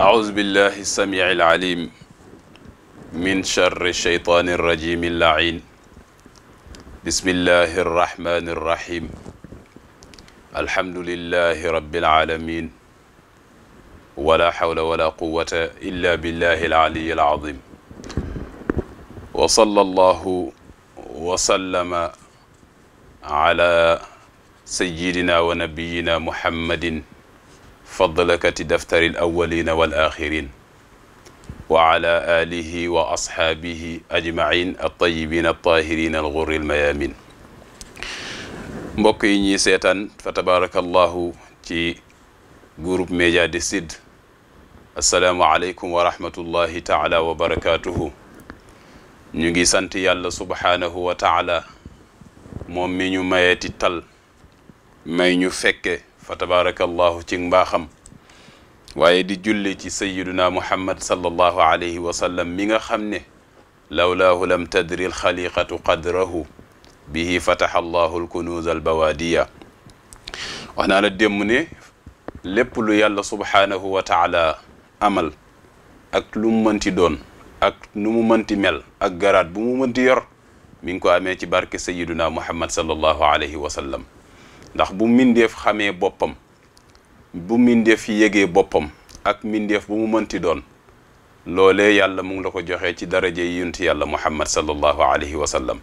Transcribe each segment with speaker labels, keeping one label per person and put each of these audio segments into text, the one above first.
Speaker 1: أعوذ بالله السميع العليم من شر الشيطان الرجيم اللعين بسم الله الرحمن الرحيم الحمد لله رب العالمين ولا حول ولا قوة إلا بالله العلي العظيم وصلى الله وسلم على سيدنا ونبينا محمد فضلك دفتر الأولين والآخرين وعلى آله وأصحابه أجمعين الطيبين الطاهرين الغر الميامين مبكي نيسيتا فتبارك الله تي جروب ميجا ديسيد السلام عليكم ورحمة الله تعالى وبركاته نجي سنتي الله سبحانه وتعالى مؤمن ما يتطل ما ينفكه فتبارك الله تنبا خم وايدي جلي تي سيدنا محمد صلى الله عليه وسلم مين خمني لولاه لم تدري الخليقة قدره به فتح الله الكنوز البوادية وانا لديمني لب يالله سبحانه وتعالى أمل أك لمنتي دون أك نمومنتي مل أك غرات بمومنتي يور منكو أمي بارك سيدنا محمد صلى الله عليه وسلم ndax bu mindeef xamee boppam bu mindeef yégee boppam ak mindeef bu mu mënti doon loolee yàlla mu ngi la ko joxee ci daraje yi yàlla muhammad sallallahu alayhi wa sallam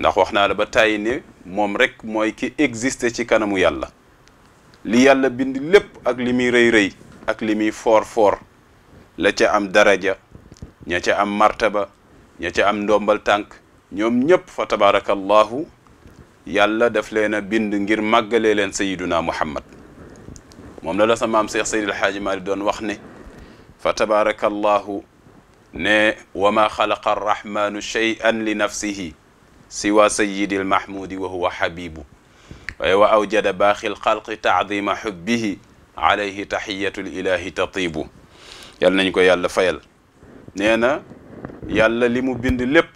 Speaker 1: ndax wax naa la ba tàyyi ne moom rek mooy ki existé ci kanamu yàlla li yàlla bind lépp ak li muy rëy rëy ak li muy foor foor la ca am daraja ña ca am martaba ña ca am ndombal tànk ñoom ñëpp fa tabaarakallahu yàlla daf leen a bind ngir màggalee leen sayiduna muhammad moom la la sa maam Seex Seydil Xaaji Maalik doon wax ne fa tabaraka allahu ne wa ma xalaqa arrahmanu cheyan li nafsihi siwa sayidil mahmudi wa huwa habibu waaye wa awjada baaxil xalqi taadima xubbihi alayhi taxiyatul ilahi tatibu yal nañ ko yàlla fayal nee na yàlla li mu bind lépp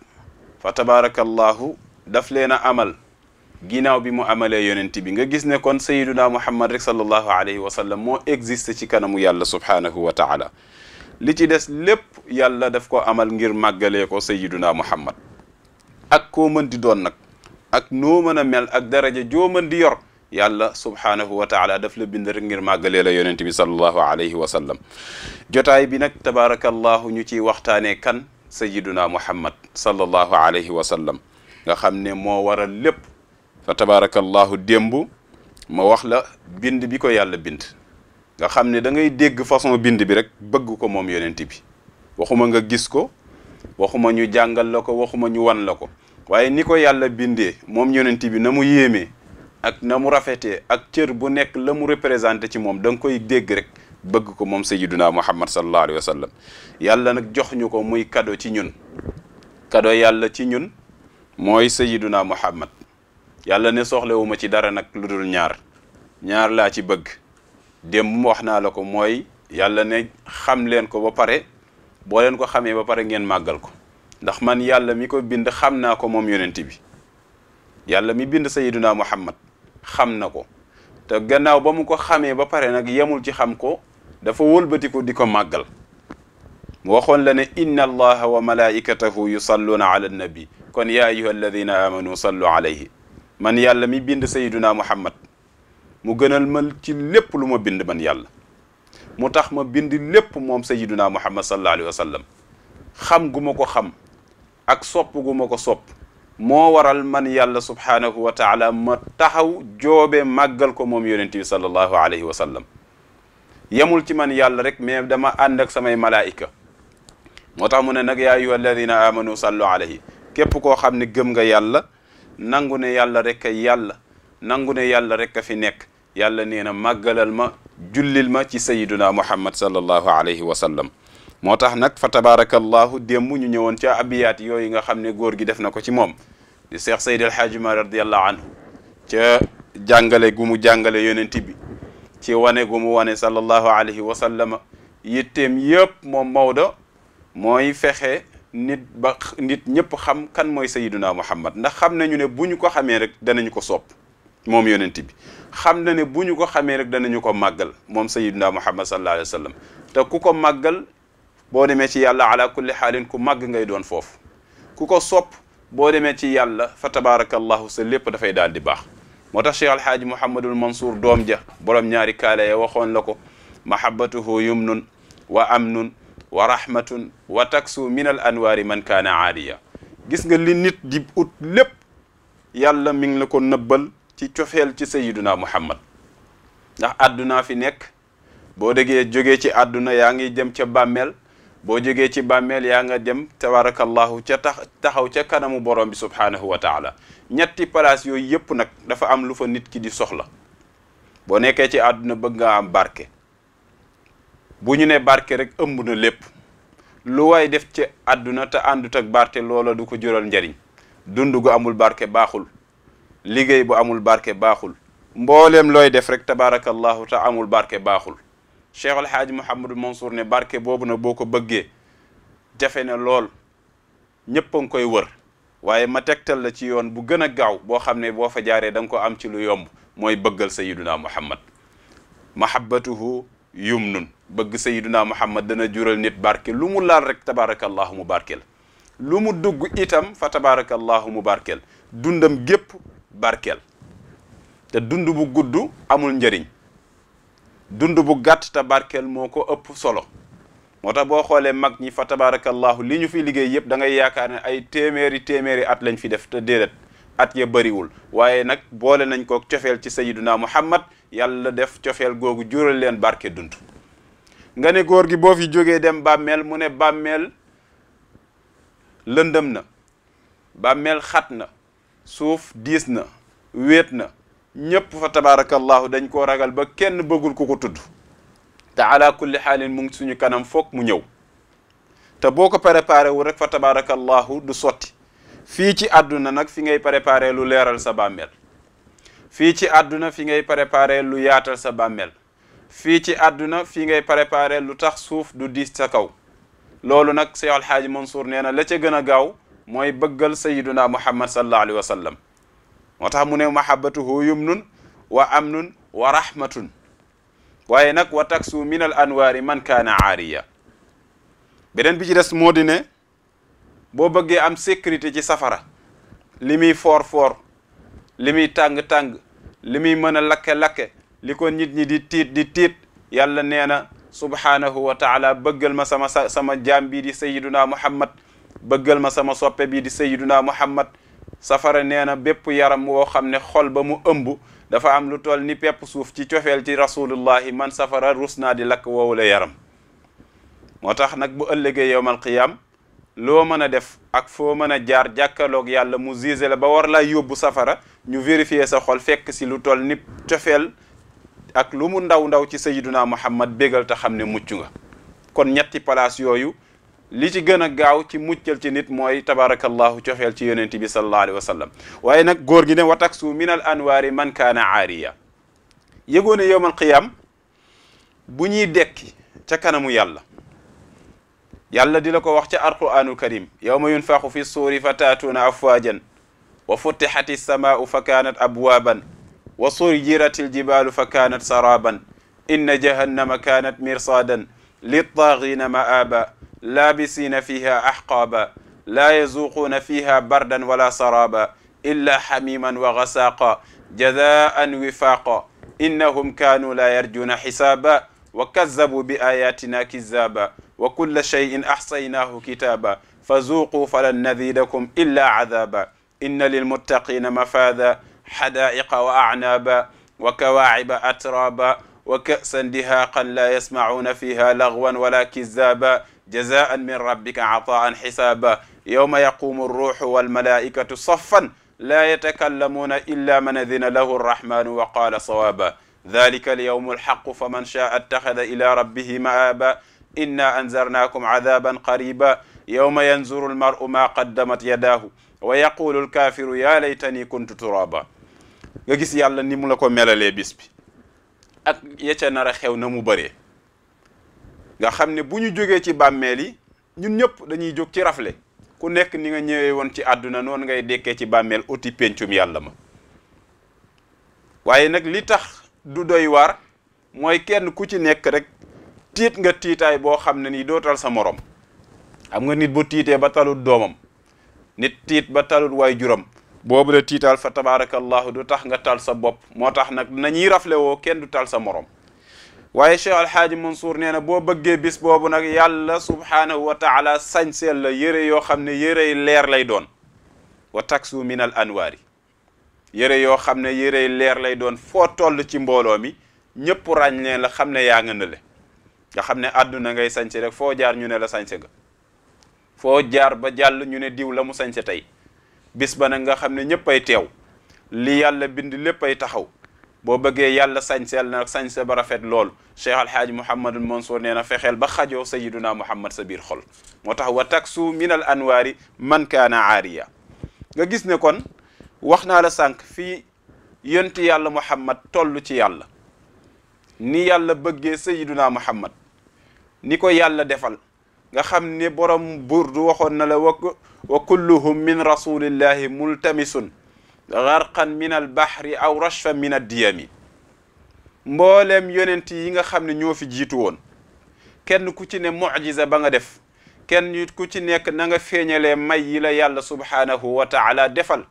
Speaker 1: fa tabaarakallahu daf leen a amal ginaaw bi mu amale yonent bi nga gis ne kon sayyiduna muhammad rek sallallahu alayhi wa sallam mo existe ci kanamu yàlla subhanahu wa taala li ci dess lépp yàlla daf ko amal ngir magale ko sayyiduna muhammad ak ko mën di don nak ak no meuna mel ak daraja jo mën di yor yàlla subhanahu wa taala daf la bind rek ngir magale la yonent bi sallallahu alayhi wa sallam jotay bi nak tabarakallah ñu ci waxtane kan sayyiduna muhammad sallallahu alayhi wa sallam nga xamne mo waral lépp fa tabaarakallaahu démb ma wax la bind bi ko yàlla bind nga xam ne da ngay dégg façon bind bi rek bëgg ko moom yonent bi waxuma nga gis ko waxuma ñu jàngal la ko waxuma ñu wan la ko waaye ni ko yàlla bindee moom yonent bi na mu yéemee ak na mu rafetee ak cër bu nekk la mu représenté ci moom da koy dégg rek bëgg ko moom sayyiduna muhammad sallallahu alayhi wa sallam yàlla nag jox ñu ko muy kado ci ñun kado yàlla ci ñun mooy sayyiduna muhammad yàlla ne soxlawu ma ci dara nag lu dul ñaar ñaar laa ci bëgg démb wax naa la ko mooy yàlla ne xam leen ko ba pare boo leen ko xamee ba pare ngeen màggal ko ndax man yàlla mi ko bind xam ko moom yonent bi yàlla mi bind sayiduna muhammad xam na ko te gannaaw ba mu ko xamee ba pare nag yemul ci xam ko dafa wëlbatiku di ko màggal waxoon la ne inna allaha wa malaikatahu yusalluuna ala annabi kon ya ayuha amanu sallu alayhi man yàlla mi bind sayyiduna muhammad mu gënal mal ci lépp lu ma bind man yàlla motax ma bind lépp mom sayyiduna muhammad sallallahu alaihi wasallam xam gu ma ko xam ak sop gu ma ko sopp moo waral man yàlla subhanahu wa taala ma taxaw jobe magal ko mom yonnati sallallahu alaihi wasallam yamul ci man yàlla rek mais dama ànd ak samay malaika motax mu ne nak ya ayyuhalladhina amanu sallu alaihi kep ko xamni gëm nga yàlla nangu ne yàlla rek a yàlla nangu ne yàlla rek a fi nekk yàlla nee na màggalal ma jullil ma ci sayiduna muhammad sallallahu alayhi wa sallam moo tax nag fa tabaarakallahu démb ñu ñëwoon ci abiyaat yooyu nga xam ne góor gi def na ko ci moom di Cheikh Seyd El radiallahu anhu ca jàngale gu mu jàngale yonent bi ci wane gu mu wane sallallahu alayhi wa sallam yitteem yëpp moom Maodo mooy fexe nit ba nit ñëpp xam kan mooy sayiduna muhammad ndax xam nañu ne bu ñu ko xamee rek danañu ko sop moom yonent bi xam na ne bu ñu ko xamee rek danañu ko màggal moom sayiduna muhammad sallallahu alayhi wa sallam te ku ko màggal boo demee ci yàlla ala kulli xaalin ku màgg ngay doon foofu ku ko sopp boo demee ci yàlla fa tabaarakallahu sa lépp dafay daal di baax moo tax cheikh alhaaji mouhamadul mansour doom ja borom ñaari kaala ya waxoon la ko mahabatuhu yumnun wa wa rahmatun wa taksu min al anwaari man kaana gis nga li nit di ut lépp yàlla mi ngi la ko nëbbal ci cofeel ci sayiduna muhammad ndax àdduna fi nekk boo déggee jóge ci àdduna yaa ngi dem ca bàmmeel boo jógee ci bàmmeel yaa nga dem tabarakallahu ca tax taxaw ca kanamu borom bi subhaanahu wa taala ñetti palaas yooyu yëpp nag dafa am lu fa nit ki di soxla boo nekkee ci àdduna bëgg nga am barke bu ñu ne barke rek ëmb na lépp lu waay def ci àdduna te àndut ak barke loola du ko jural njariñ dund gu amul barke baaxul liggéey bu amul barke baaxul mbooleem looy def rek tabaarakallahu ta amul barke baaxul cheikh alhaaji mouhamadou mansour ne barke boobu na boo ko bëggee jafe na lool ñëpp a ngi koy wër waaye ma tegtal la ci yoon bu gën a gaaw boo xam ne boo fa jaaree da nga ko am ci lu yomb mooy bëggal sayiduna muhammad mahabbatuhu yum nun bëgg sayiduna muhammad dana jural nit barke lu mu laal rek tabaarakallahu mu barkeel lu mu dugg itam fa tabaarakallahu mu barkeel dundam gépp barkeel te dund bu gudd amul njëriñ dund bu gàtt te barkeel moo ko ëpp solo moo tax boo xoolee mag ñi fa tabaarakallahu li ñu fi liggéey yëpp da ngay yaakaar ne ay téeméeri téeméeri at lañ fi def te déedéet at ya bariwul waaye nag boole nañ kook cofeel ci sayiduna muhammad yàlla def cofeel googu jural leen barke dund nga ne góor gi boo fi jógee dem bàmmeel mu ne bàmmeel lëndëm na bàmmeel xat na suuf diis na wéet na ñépp fa tabaarakallahu dañ koo ragal ba kenn bëggul ku ko tudd te ala kulli xaalin mu suñu kanam foog mu ñëw te boo ko préparé wu rek fa tabaarakallahu du sotti fii ci àdduna nag fi ngay préparer lu leeral sa bàmmeel fii ci àdduna fi ngay préparer lu yaatal sa bàmmeel fii ci àdduna fi ngay préparer lu tax suuf du diis sa kaw loolu nag Seex Alxaaji Mansour nee na la ca gën a gaaw mooy bëggal sayiduna muhammad sallallahu alayhi wa moo tax mu ne mahabbatuhu yumnun wa amnun wa rahmatun waaye nag wa taksu min al anwaari man kaana aariya beneen bi ci des boo bëggee am sécurité ci safara li muy foor foor li muy tàng-tàng li muy mën a lakke-lakke li ko nit ñi di tiit di tiit yàlla nee na subhaanahu wa taala bëggal ma sama sa sama jaam bii di sayiduna muhammad bëggal ma sama soppe bii di sayiduna muhammad safara nee na bépp yaram woo xam ne xol ba mu ëmb dafa am lu toll ni pepp suuf ci cofeel ci rasulullahi man safara rus naa di lakk woowu la yaram moo tax nag bu ëllëgee yowmal qiyaam lo meuna def ak fo meuna a jaar jàkkaarloog yàlla mu jugé la ba war la yóbbu safara ñu vérifier sa xol fekk ci lu toll ni cofeel ak lu mu ndaw ndaw ci sayyiduna muhammad bégal ta xamne muccu nga kon ñetti place yoyu li ci gëna a gaaw ci muccel ci nit moy tabarakallah cofeel ci yonent bi sallallahu alaihi wasallam waye nak nag góor gi ne wa taksu min al anwaari man kana aariya yegone yowmal qiyam bu ñuy ca kanamu yàlla يالا دي لاكو واخ القران الكريم يوم ينفخ في الصور فتاتون افواجا وفتحت السماء فكانت ابوابا وصرجرت الجبال فكانت سرابا ان جهنم كانت مرصادا للطاغين مآبا لابسين فيها احقابا لا يزوقون فيها بردا ولا سرابا الا حميما وغساقا جذاء وفاقا انهم كانوا لا يرجون حسابا وكذبوا بآياتنا كذابا وكل شيء أحصيناه كتابا فذوقوا فلن نذيدكم إلا عذابا إن للمتقين مفاذا حدائق وأعنابا وكواعب أترابا وكأسا دهاقا لا يسمعون فيها لغوا ولا كذابا جزاء من ربك عطاء حسابا يوم يقوم الروح والملائكة صفا لا يتكلمون إلا من أذن له الرحمن وقال صوابا ذلك اليوم الحق فمن شاء اتخذ الى ربه مآبا انا انذرناكم عذابا قريبا يوم ينظر المرء ما قدمت يداه ويقول الكافر يا ليتني كنت ترابا غيس يالا نيمولاكو ميلالي بيسبي اك ياتا نارا خيو بري غا خامني بونيو جوغي تي باميلي نين نيب دانيي جوغ تي رافلي كو نيك نيغا نيوي وون تي ادونا نون غاي ديكي تي باميل اوتي بينتوم يالا ما waye nak li du doy war moy kenn ku ci nek rek tit nga titay bo xamne ni dotal sa morom xam nga nit bu tité ba talut domam nit tit ba talut way juram bobu la tital fa tabarakallah du tax nga tal sa bop motax nak nañi rafle wo kenn du tal sa morom waye Cheikh Alhaaji Mansour neena bo beugé bis bobu nak yàlla subhanahu wa taala sañseel la yére yo xamne yere leer lay doon wa taksu min al anwari yére yoo xam ne yére leer lay doon foo toll ci mbooloo mi ñëpp ràññee la xam ne yaa nga nële nga xam ne àdduna ngay sañse rek foo jaar ñu ne la sañse nga foo jaar ba jàll ñu ne diw la mu sañse tey bis ba nag nga xam ne ñëpp ay teew li yàlla bind lépp ay taxaw boo bëggee yàlla sañseel na sañse ba rafet lool cheikh alhaaji mouhamadul mansour nee na fexeel ba xajoo sayiduna muhammad sa biir xol moo tax wa taksu min al anwaari man kaana aariya nga gis ne kon wax naa la sànq fii yonent yàlla muhammad toll ci yàlla ni yàlla bëggee sayiduna muhammad ni ko yàlla defal nga xam ne borom burdu waxoon na la wa wa kulluhum min rasulillahi multamisun garqan min al bahri aw rashfa min ad diyami mbooleem yonent yi nga xam ne ñoo fi jiitu woon kenn ku ci ne mucjiza ba nga def kenn ku ci nekk na nga feeñalee may yi la yàlla subhaanahu wa taala defal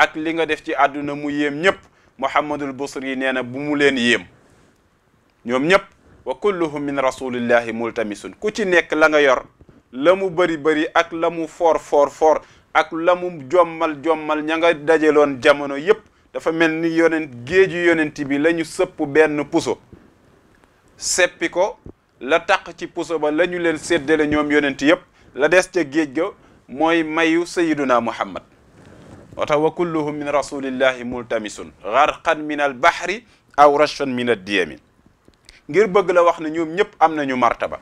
Speaker 1: ak li nga def ci àdduna mu yéem ñëpp Muhammadul Busri nee na bu mu leen yéem ñoom ñëpp wa kulluhum min rasulillahi multamisun ku ci nekk la nga yor la mu bëri bëri ak la mu foor foor foor ak la mu jommal jommal ña nga dajaloon jamono yépp dafa mel ni yonent géeju yonent bi lañu sëpp benn puso seppi ko la taq ci puso ba lañu leen seddale ñoom yonent yépp la des ca géej ga mooy mayu sayiduna muhammad wata wa kulluhum min rasulillahi multamisun gharqan min al bahri aw rashfan min ad diyami ngir bëgg la wax ne ñoom ñëpp am nañu martaba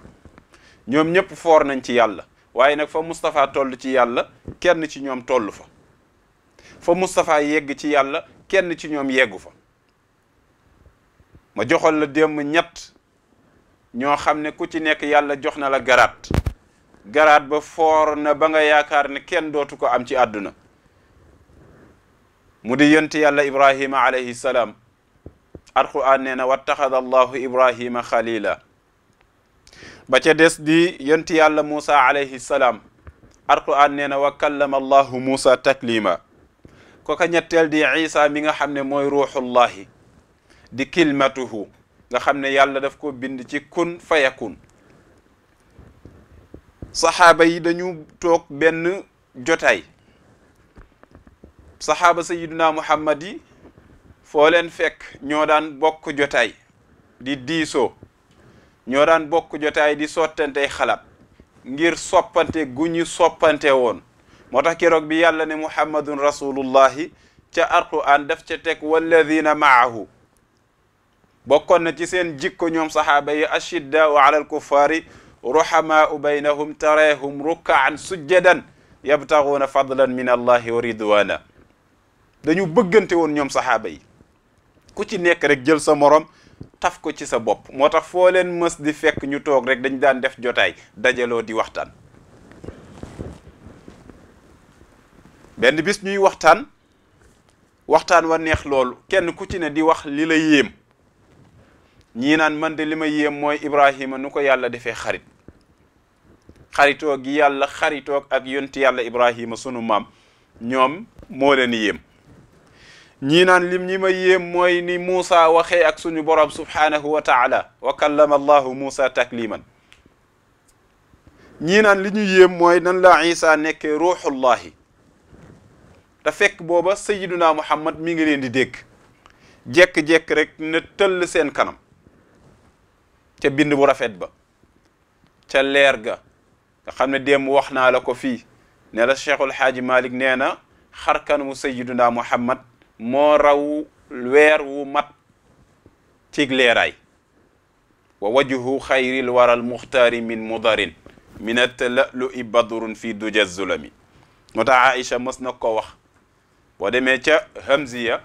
Speaker 1: ñoom ñëpp foor nañ ci yàlla waaye nag fa Moustapha toll ci yàlla kenn ci ñoom toll fa fa Moustapha yegg ci yàlla kenn ci ñoom yeggu fa ma joxal la démb ñett ñoo xam ne ku ci nekk yàlla jox na la garaat garaat ba foor na ba nga yaakaar ne kenn dootu ko am ci àdduna mu di yonti yàlla ibrahima alayhi salaam alquran nee na wattaxada allahu ibrahima xalila ba ca des di yonti yàlla muusa alayhi salaam alquran nee na wa kallama allahu muusa taklima koka ñetteel di isa mi nga xam ne mooy ruuxullahi di kilmatuhu nga xam ne yàlla daf ko bind ci kun fayakun saxaaba yi dañu toog benn jotaay saxaaba sayiduna muhammad yi foo leen fekk ñoo daan bokk jotaay di diisoo ñoo daan bokk jotaay di sottante xalaat ngir soppante gu soppante woon moo tax keroog bi yàlla ne muhammadun rasulullahi ca alquran daf ca teg walladina maahu bokkoon na ci seen jikko ñoom saxaaba yi ashiddaau ala alkuffaari ruhamaau baynahum tareehum rukkaan sujjadan yabtaguuna fadlan min allahi wa ridwana dañu bëggante woon ñoom saxaaba yi ku ci nekk rek jël sa moroom taf ko ci sa bopp moo tax foo leen mës di fekk ñu toog rek dañ daan def jotaay dajaloo di waxtaan benn bis ñuy waxtaan waxtaan wa neex loolu kenn ku ci ne di wax li la yéem ñii naan man de li ma yéem mooy Ibrahima nu ko yàlla defee xarit xaritoo gi yàlla xaritoog ak yonti yàlla Ibrahima sunu maam ñoom moo leen yéem ñii naan lim ñi ma yéem mooy ni Muusa waxee ak suñu borom subhaanahu wa taala wa kallama allahu Muusa takliman ñii naan li ñu yéem mooy nan la Isa nekkee ruuxullahi te fekk booba sayiduna Muhammad mi ngi leen di dégg jekk-jekk rek ne tëll seen kanam ca bind bu rafet ba ca leer ga nga xam ne démb wax naa la ko fii ne la Cheikhul Xaaji Malik nee na xarkanamu sayiduna Muhammad moo raw weer wu mat cig leeraay wa wajhu xayril waral muxtaari min mudarin min atala'lu'i badrun fi duja zulami moo tax Aïcha mës na ko wax boo demee ca Hamziya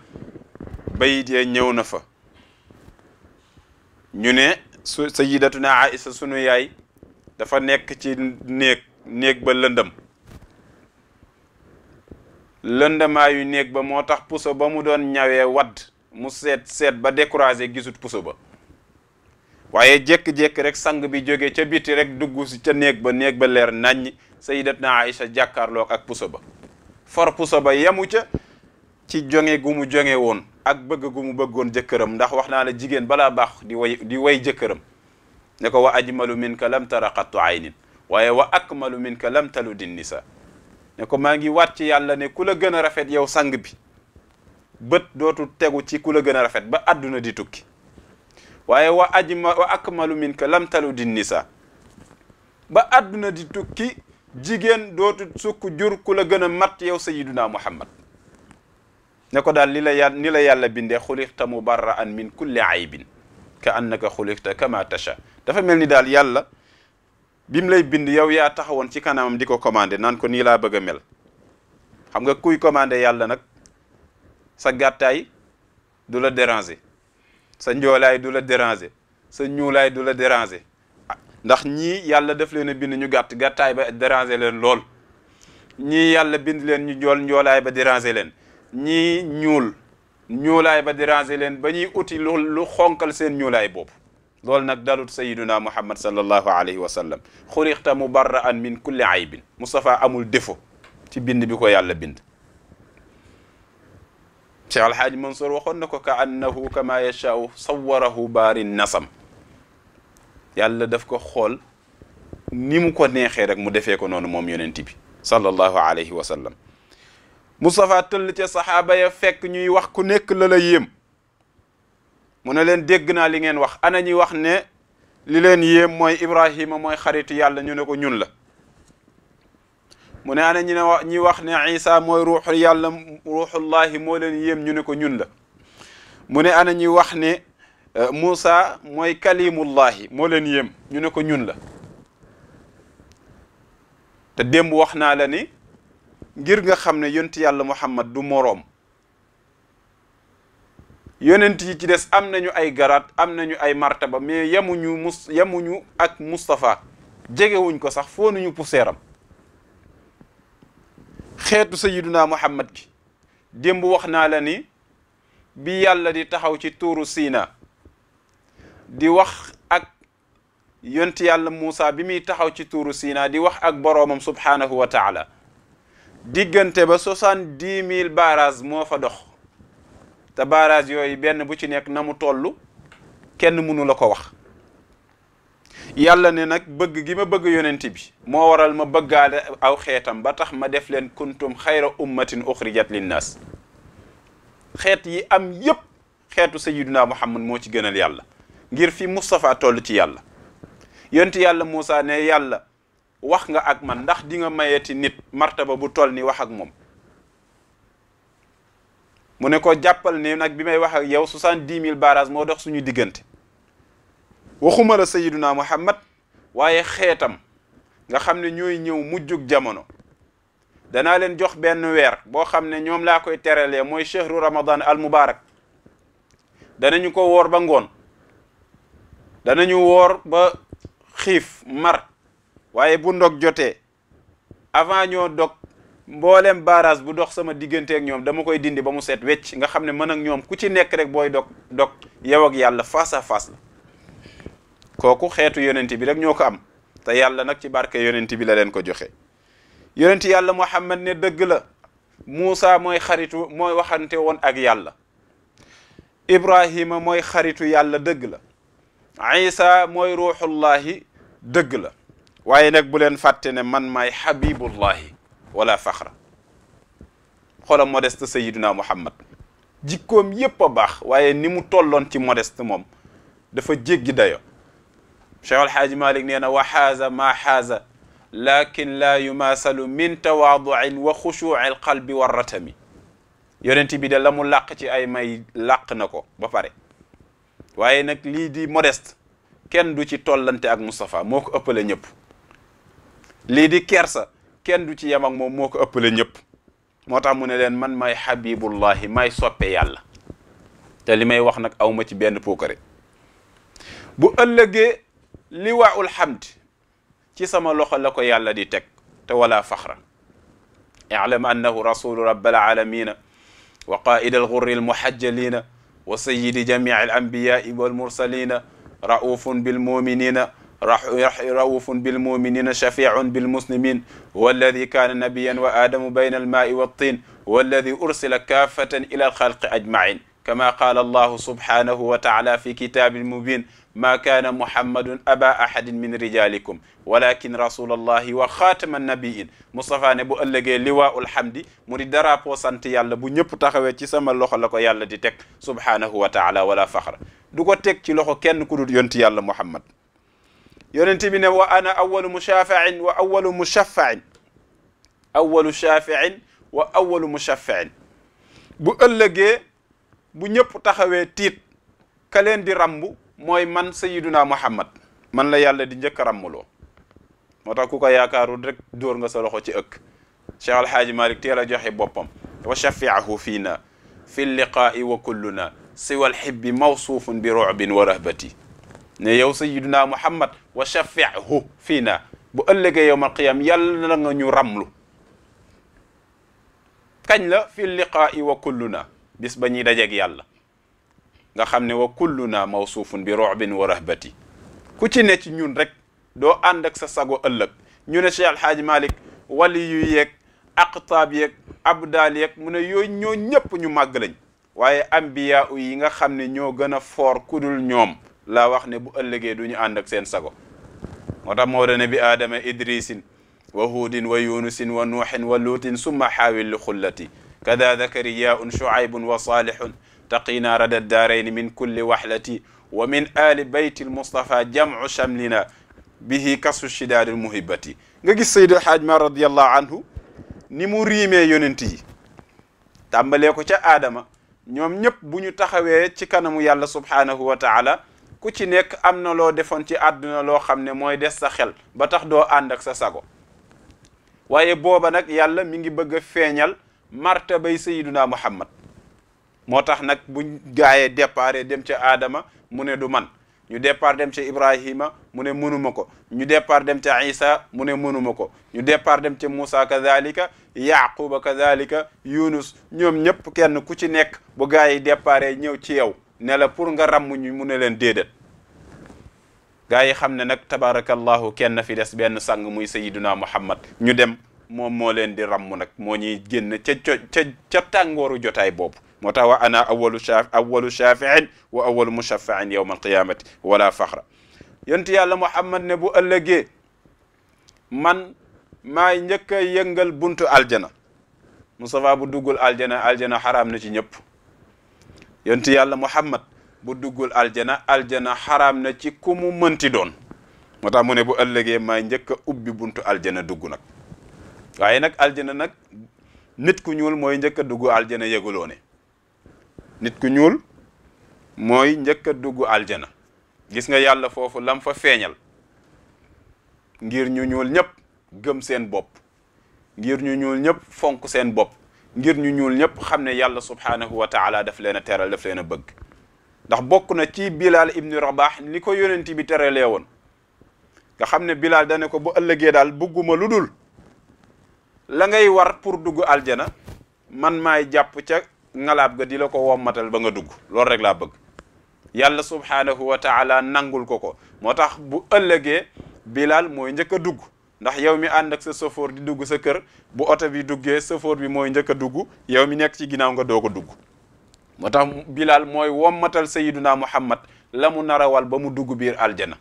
Speaker 1: bayit ya ñëw na fa ñu ne su sayidatuna Aïcha sunu yaay dafa nekk ci néeg néeg ba lëndëm lëndamaa yu néeg ba moo tax puso ba mu doon ñawee wadd mu seet seet ba découragé gisut puso ba waaye jékki-jékki rek sang bi jóge ca biti rek dugg si ca néeg ba néeg ba leer naññ sayidatna Aïcha jàkkaarloog ak puso ba for puso ba yamu ca ci jonge gu mu jonge woon ak bëgg gu mu bëggoon jëkkëram ndax wax naa la jigéen balaa baax di way di way jëkkëram ne ko wa ajmalu minka lam tara qattu aynin waaye wa ak minka lam talu din nisa ne ko maa ngi waat ci yàlla ne ku la gën a rafet yow sang bi bët dootu tegu ci ku la gën a rafet ba àdduna di tukki waaye wa ajma wa akmalu min ka lam di nisa ba àdduna di tukki jigéen dootul sukk jur ku la gën a mat yow sayiduna muhammad ne ko daal li la yàlla ni la yàlla bindee xuliqta mubarraan min ay bin ka annaka xuliqta kama tasha dafa mel ni daal yàlla bi mu lay bind yow yaa taxawoon ci kanam di ko commandé nan ko nii laa bëgg mel xam nga kuy commandé yàlla nag sa gàttaay du la dérangé sa njoolaay du la déranger sa ñuulaay du la déranger ah, ndax ñii yàlla def leen a bind ñu gàtt gàttaay ba déranger leen lool ñii yàlla bind leen ñu njool njoolaay ba déranger leen ñi ñuul ñuulaay ba déranger leen ba ñuy uti lu lu xonkal seen ñuulaay boobu loolu nag dalut sayiduna muhammad sallallahu alayhi wa sallam xuriqta mubarraan min kulli aybin Moustapha amul défaut ci bind bi ko yàlla bind Cheikh Alhaaji Mansour waxoon na ko ka annahu kama yashaau sawarahu baari nasam yàlla daf ko xool ni mu ko neexee rek mu defee ko noonu moom yonent bi sallallahu alayhi wa sallam Moustapha tëll ca saxaaba ya fekk ñuy wax ku nekk la la yéem mune len deg na li ngeen wax ana ñi wax ne li len yem moy ibrahim moy xarit yàlla ñu ne ko ñun la mune ana ñi ne ñi wax ne Isa moy ruhu yàlla ruhu allah mo len yem ñu ne ko ñun la mune ana ñi wax ne musa moy kalimullah mo len yem ñu ne ko ñun la te démb wax naa la ni ngir nga xamne ne yonti yàlla Muhammad du morom yonent yi ci des am nañu ay garaat am nañu ay martaba mais yemuñu mus yemuñu ak Moustapha jegewuñ ko sax foo nuñu puseeram xeetu sayiduna Muhammad ki démb wax naa la ni bi yàlla di taxaw ci tuuru Siina di wax ak yont yàlla Muusa bi muy taxaw ci tuuru Siina di wax ak boroomam subhaanahu wa taala diggante ba soixante-dix mille baaraas moo fa dox te barrage yooyu benn bu ci nekk na mu toll kenn mënu la ko wax yàlla ne nag bëgg gi ma bëgg yonent bi moo waral ma bëggaale aw xeetam ba tax ma def leen kuntum xayra ummatin uxrijat linnaas xeet yi am yépp xeetu sayiduna muhammad moo ci gënal yàlla ngir fi Moustapha toll ci yàlla yonent yàlla musa ne yàlla wax nga ak man ndax di nga mayeti nit martaba bu toll ni wax ak moom mu ne ko jàppal ne nag bi may wax ak yow soixante-dix mille barrage moo dox suñu diggante waxuma la sayiduna muhammad waaye xeetam nga xam ne ñooy ñëw mujjug jamono danaa leen jox benn weer boo xam ne ñoom laa koy teralee mooy chehru ramadan al mubarak danañu ko woor ba ngoon danañu woor ba xiif mar waaye bu ndog jotee avant ñoo dog mboolem barrage bu dox sama diggante ak ñoom dama koy dindi ba mu seet wecc nga xam ne man ak ñoom ku ci nekk rek booy dog dog yow ak yàlla face à face kooku xeetu yonent bi rek ñoo ko am te yàlla nag ci barke yonent bi la leen ko joxe yonent yàlla Muhammad ne dëgg la Muusa mooy xaritu mooy waxante woon ak yàlla Ibrahima mooy xaritu yàlla dëgg la Isa mooy ruuxullahi dëgg la waaye nag bu leen fàtte ne man maay habibullahi wala faxra xolam modeste sayiduna muhammad jikkoom yépp a baax waaye ni mu tolloon ci modeste moom dafa jéggi dayo cheikh alxaaji malik nee na wa xaaza maa xaaza lakin laa yumaasalu min tawaaduin wa xushuuci alqalbi wa ratami yonent bi de la mu làq ci ay may làq na ko ba pare waaye nag lii di modeste kenn du ci tollante ak Moustapha moo ko ëppale ñëpp lii di kersa kenn du ci yem ak moom moo ko ëppale ñëpp moo tax mu ne leen man may habibullahi may soppe yàlla te li may wax nag awma ci benn pookare bu ëllëgee liwaul hamd ci sama loxo la ko yàlla di teg te wala faxra i'lam annahu rasulu rabbil alamina wa qaida alghurri almuhajjalina wa sayyidi jami'i alanbiya'i walmursalina raufun bilmuminina رح يروف بالمؤمنين شفيع بالمسلمين والذي كان نبيا وآدم بين الماء والطين والذي أرسل كافة إلى الخلق أجمعين كما قال الله سبحانه وتعالى في كتاب مبين ما كان محمد أبا أحد من رجالكم ولكن رسول الله وخاتم النبيين مصطفى نبو ألغي لواء الحمد مريد رابو سنتي يالا بو نيب تخوي تي سما لوخو لاكو يالا دي تك سبحانه وتعالى ولا فخر دوكو تك تي لوخو كين كودوت يونتي يالا محمد yonent bi ne wa ana awalu mushaafiin wa awalu mushaffain awalu shaafiin wa awalu mushaffain bu ëllëgee bu ñëpp taxawee tiit ka leen di rambu mooy man sayiduna muhammad man la yàlla di njëkk ràmmuloo moo tax ku ko yaakaarul rek dóor nga sa loxo ci ëkk cheikh alhaaji malik teel a joxe boppam wa shafiahu fiina fi liqaa'i wa kulluna siwa alhibbi mawsuufun bi ru'bin wa rahbati ne yow sayyiduna muhammad wa shafi'hu fiina bu ëllëg yowmal qiyam yàlla na nga ñu ramlu kañ la fi liqaa'i wa kulluna bis ba ñuy dajeeg yàlla nga xam ne wa kulluna mawsuufun bi roxbin wa rahbati ku ci ne ci ñun rek doo ànd sa sago ëllëg ñu ne Cheikh Alhaaji Malick wali yu yeeg aqtaab yeeg abdaal yeeg mu ne yooy ñoo ñëpp ñu màgg lañ waaye ambiya yi nga xam ne ñoo gën a foor kudul ñoom la wax ne bu ëllëgé duñu ànd ak seen sago moo mo moo dane bi aadama idrisin wa huudin wa yunusin wa nuuxin wa luutin summa hawil li xullati kada zakariyaun shuaybun wa salih taqina rad ad daarayni min kulli wahlati wa min ali al-mustafa jam'u shamlina bihi kasu al lmuhibati nga gis sayyid al alxaaj ma radiyallahu anhu ni mu rimé yonenti tambalé ko ca adama ñom ñep buñu taxawé ci kanamu yàlla subhanahu wa taala ku ci nekk am na loo defoon ci àdduna loo xam ne mooy des sa xel ba tax doo ànd ak sa sago waaye booba nag yàlla mi ngi bëgg a feeñal martabay sayiduna muhammad moo tax nag buñ gaayee départ dem ca aadama mu ne du man ñu départ dem ca ibrahima mu ne mënuma ko ñu départ dem ca isa mu ne mënuma ko ñu départ dem ca moussa kazalika yaquba kazalika yunus ñoom ñëpp kenn ku ci nekk bu gaay yi départ ñëw ci yow ne la pour nga ràmm ñu mu ne leen dédet gaay yi xam ne nag tabaarakallahu kenn fi des benn sang muy sayiduna muhammad ñu dem moom moo leen di ràmm nag moo ñuy génn ca ca ca tàngooru jotaay boobu moo tax wa ana awalu shaafi awalu shaafiin wa awalu mushafain yowma alqiyamati wala faxra yonent yàlla muhammad ne bu ëllëgee man maay njëkk a yëngal buntu aljana Mustafa bu duggul aljana aljana xaraam na ci ñëpp yonti yàlla muhammad bu duggul aljana aljana xaram na ci ku mu mënti doon moo tax mu ne bu ëllëgee may njëkk a ubbi bunt aljana dugg nag waaye nag aljana nag nit ku ñuul mooy njëkk a dugg aljana yëguloo nit ku ñuul mooy njëkk a dugg aljana gis nga yàlla foofu lam fa feeñal ngir ñu ñuul ñëpp gëm seen bopp ngir ñu ñuul ñëpp fonk seen bopp ngir ñu ñuul ñep xamne yàlla subhanahu wa taala daf leena teral daf leena bëgg ndax bokku na ci Bilal ibn Rabah ni ko yonent bi téralé won nga xamne ne Bilal dane ko bu ëllëgé dal bëgguma luddul la ngay war pour duggu aljana man may jàpp ci ngalab ga di la ko wommatal ba nga dugg lool rek la bëgg yàlla subhanahu wa taala nangul ko ko moo bu ëllëgé Bilal moy njëkk dugg ndax yow mi ànd ak sa safoor di dugg sa kër bu oto bi duggee safoor bi mooy njëkk a dugg yow mi nekk ci ginnaaw nga doog a dugg moo tax Bilal mooy wommatal sayiduna Muhammad la mu narawal ba mu dugg biir aljana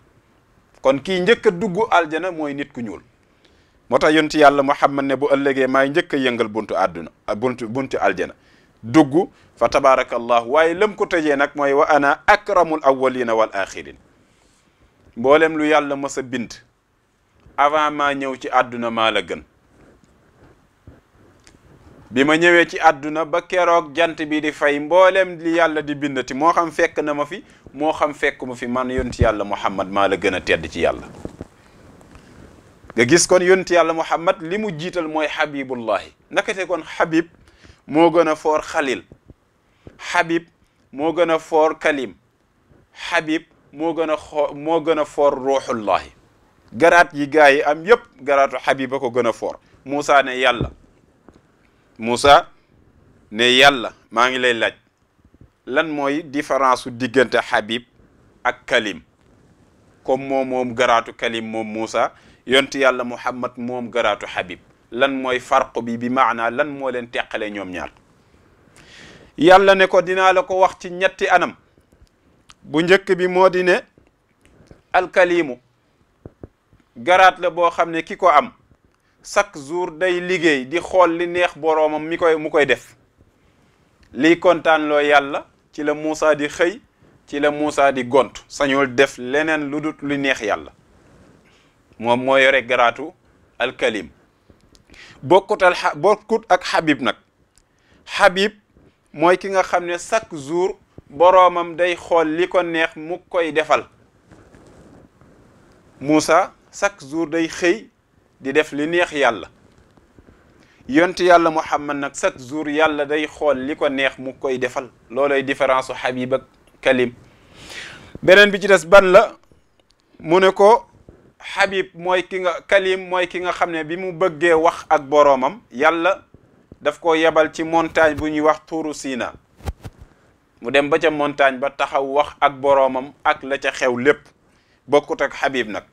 Speaker 1: kon kii njëkk a dugg aljana mooy nit ku ñuul moo tax yonti yàlla Muhammad ne bu ëllëgee maay njëkk a yëngal buntu àdduna buntu buntu aljana dugg fa tabaarakallah waaye lam ko tëjee nag mooy wa ana akramul awwalina wal axirin mboolem lu yàlla mës a bind avant maa ñëw ci àdduna ma la gën bi ma ñëwee ci àdduna ba keroog jant bi di fay mboolem li yàlla di bindati moo xam fekk na ma fi moo xam fekk ma fi man yonti yàlla muhammad maa la gën a tedd ci yàlla nga gis kon yonti yàlla muhammad li mu jiital mooy xabibullahi nakate kon xabib moo gën a foor xalil xabib moo gën a foor kalim xabib moo gën a gën a foor ruuxullahi garat yi gaay am yépp garatu Habiba ko gëna for musa Moussa ne yàlla Moussa ne yàlla ma ngi lay laaj lan moy différence digënté Habib ak Kalim comme mom mom garatu Kalim mom Moussa yont yàlla Muhammad mom garatu Habib lan moy farq bi bi maana lan mo len tekkale ñom ñaar yàlla ne ko dina la ko wax ci ñetti anam bu ñëk bi moo di ne alkalimu garaat la boo xam ne ki ko am chaque jour day liggéey di xool li neex boroomam mi koy mu koy def liy kontaan loo yàlla ci la Moussa di xëy ci la Moussa di gont sañul def leneen lu dut lu neex yàlla moom moo yore garaatu alkalim bokkut al bokkut ak Habib nag Habib mooy ki nga xam ne chaque jour boroomam day xool li ko neex mu koy defal Moussa chaque jour day xëy di def li neex yàlla yont yàlla muhammad nak chaque jour yàlla day xol liko neex mu koy defal lolay différence habib ak kalim benen bi ci dess ban la muneko habib moy ki nga kalim moy ki nga xamne bi mu bëggee wax ak boromam yàlla daf ko yebal ci montagne bu ñuy wax tuuru sina mu dem ba ca montagne ba taxaw wax ak boromam ak la ca xew lépp bokut ak habib nak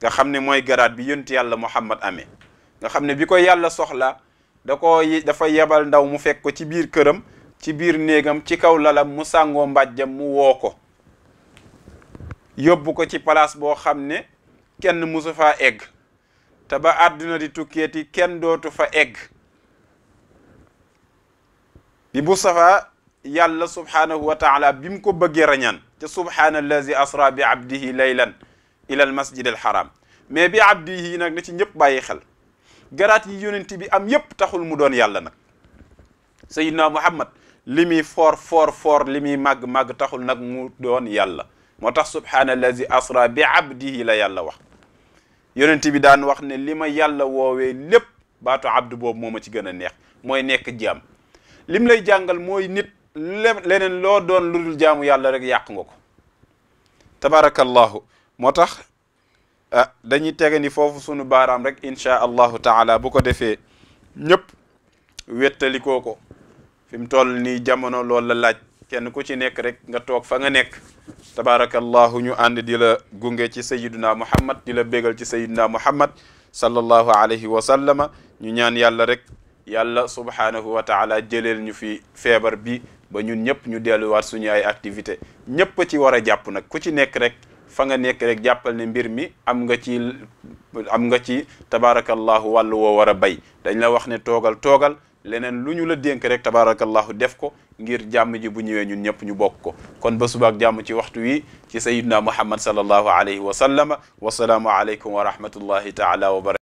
Speaker 1: nga xamne moy garat bi yonti yàlla Muhammad amé nga xamne biko yàlla soxla da ko dafa yebal ndaw mu fekk ko ci bir kërëm ci bir négam ci kaw lala mu sango mbàjjam mu woko yóbbu ko ci place bo xamne kenn musufa egg ta ba àdduna di tukkeeti kenn dootu fa egg bi bu safa yàlla subhanahu wa taala bim ko bëggee rañan ca subhanallazi asra bi abdihi laylan ilal masjidil haram mais bi abdi yi nag na ci ñëpp bàyyi xel garaat yi yonent bi am yëpp taxul mu doon yàlla nag sayidna muhammad li muy foor foor foor li muy màgg màgg taxul nag mu doon yàlla moo tax subhaanallazi asra bi abdihi la yàlla wax yonent bi daan wax ne li ma yàlla woowee lépp baatu abdu boobu moo ma ci gën a neex mooy nekk jaam lim lay jàngal mooy nit leneen loo doon lu dul jaamu yàlla rek yàq nga ko tabarakallahu moo tax ah dañuy tegandi foofu sunu baaraam rek incha allahu taala bu ko defee ñëpp wettali koo ko fi mu toll nii jamono loolu la laaj kenn ku ci nekk rek nga toog fa nga nekk tabaarakallahu ñu ànd di la gunge ci sayiduna muhammad di la bégal ci sayiduna muhammad sallallahu alayhi wa sallama ñu ñaan yàlla rek yàlla subhaanahu wa taala jëleel ñu fi feebar bi ba ñun ñëpp ñu delluwaat suñu ay activité ñëpp ci war a jàpp nag ku ci nekk rek fa nga nekk rek jàppal ne mbir mi am nga ci am nga ci tabaarakallahu wàllu woo war a bay dañ la wax ne toogal toogal leneen lu ñu la dénk rek tabaarakallahu def ko ngir jàmm ji bu ñëwee ñun ñëpp ñu bokk ko kon ba subaak jàmm ci waxtu wi ci sayyidina muhammad sallallahu alayhi wa sallama wasalaamu aleykum wa rahmatullahi taala wa barakatuh